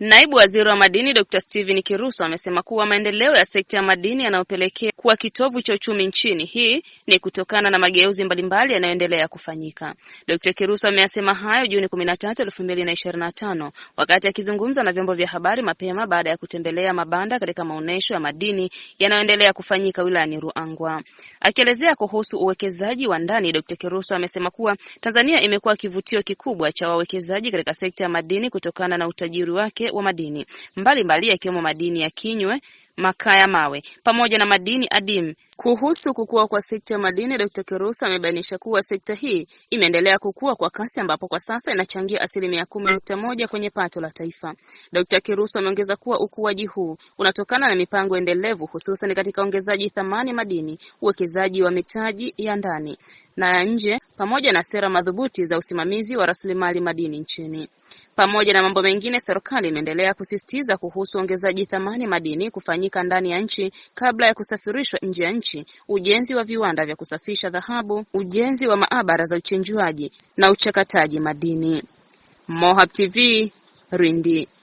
Naibu Waziri wa Madini Dr. Steven Kiruso amesema kuwa maendeleo ya sekta ya madini yanayopelekea kuwa kitovu cha uchumi nchini. Hii ni kutokana na mageuzi mbalimbali yanayoendelea kufanyika. Dr. Kiruso ameyasema hayo Juni 13, 2025 wakati akizungumza na vyombo vya habari mapema baada ya kutembelea mabanda katika maonesho ya madini yanayoendelea kufanyika wilayani Ruangwa. Akielezea kuhusu uwekezaji wa ndani, Dkt. Kirusu amesema kuwa Tanzania imekuwa kivutio kikubwa cha wawekezaji katika sekta ya madini kutokana na utajiri wake wa madini mbalimbali yakiwemo madini ya kinywe makaa ya mawe pamoja na madini adimu kuhusu kukua kwa sekta ya madini, Dkt. Kirusa amebainisha kuwa sekta hii imeendelea kukua kwa kasi ambapo kwa sasa inachangia asilimia kumi nukta moja kwenye pato la taifa. Dkt. Kirusa ameongeza kuwa ukuaji huu unatokana na mipango endelevu hususan katika ongezaji thamani madini, uwekezaji wa mitaji ya ndani na ya nje pamoja na sera madhubuti za usimamizi wa rasilimali madini nchini. Pamoja na mambo mengine, serikali imeendelea kusisitiza kuhusu ongezaji thamani madini kufanyika ndani ya nchi kabla ya kusafirishwa nje ya nchi, ujenzi wa viwanda vya kusafisha dhahabu, ujenzi wa maabara za uchenjuaji na uchakataji madini. Mohab TV, Rindi.